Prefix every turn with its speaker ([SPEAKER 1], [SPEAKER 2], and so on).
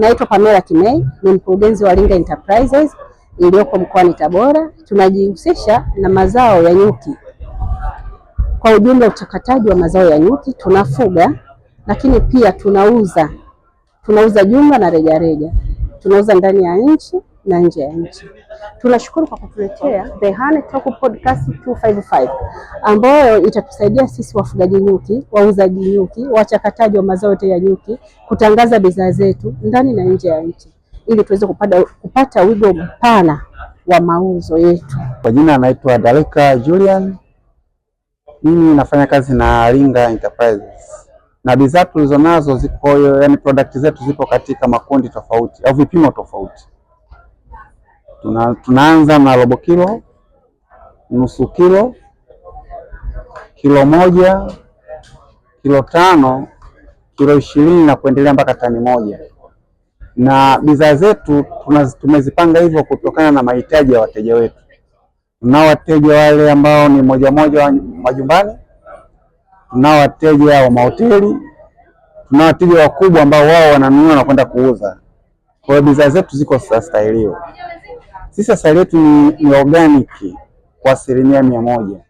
[SPEAKER 1] Naitwa Pamela Kimei, ni mkurugenzi wa Linga Enterprises iliyoko mkoani Tabora. Tunajihusisha na mazao ya nyuki kwa ujumla, uchakataji wa mazao ya nyuki. Tunafuga lakini pia tunauza, tunauza jumla na rejareja, tunauza ndani ya nchi na nje ya nchi. Tunashukuru kwa kutuletea The Honey Talk Podcast 255 ambayo itatusaidia sisi wafugaji nyuki, wauzaji nyuki, wachakataji wa mazao yote ya nyuki kutangaza bidhaa zetu ndani na nje ya nchi ili tuweze kupata, kupata wigo mpana wa mauzo yetu.
[SPEAKER 2] Kwa jina anaitwa Daleka Julian. Mimi nafanya kazi na Linga Enterprises na bidhaa tulizonazo ziko, yani product zetu zipo katika makundi tofauti au vipimo tofauti tuna, tunaanza na robo kilo, nusu kilo, kilo moja, kilo tano, kilo ishirini na kuendelea mpaka tani moja, na bidhaa zetu tumezipanga hivyo kutokana na mahitaji ya wateja wetu. Tunao wateja wale ambao ni moja moja majumbani, tunao wateja wa mahoteli, tunao wateja wakubwa ambao wao wananunua na kwenda kuuza. Kwa hiyo bidhaa zetu ziko stahilio. Sisi asali yetu ni, ni organic kwa asilimia mia moja.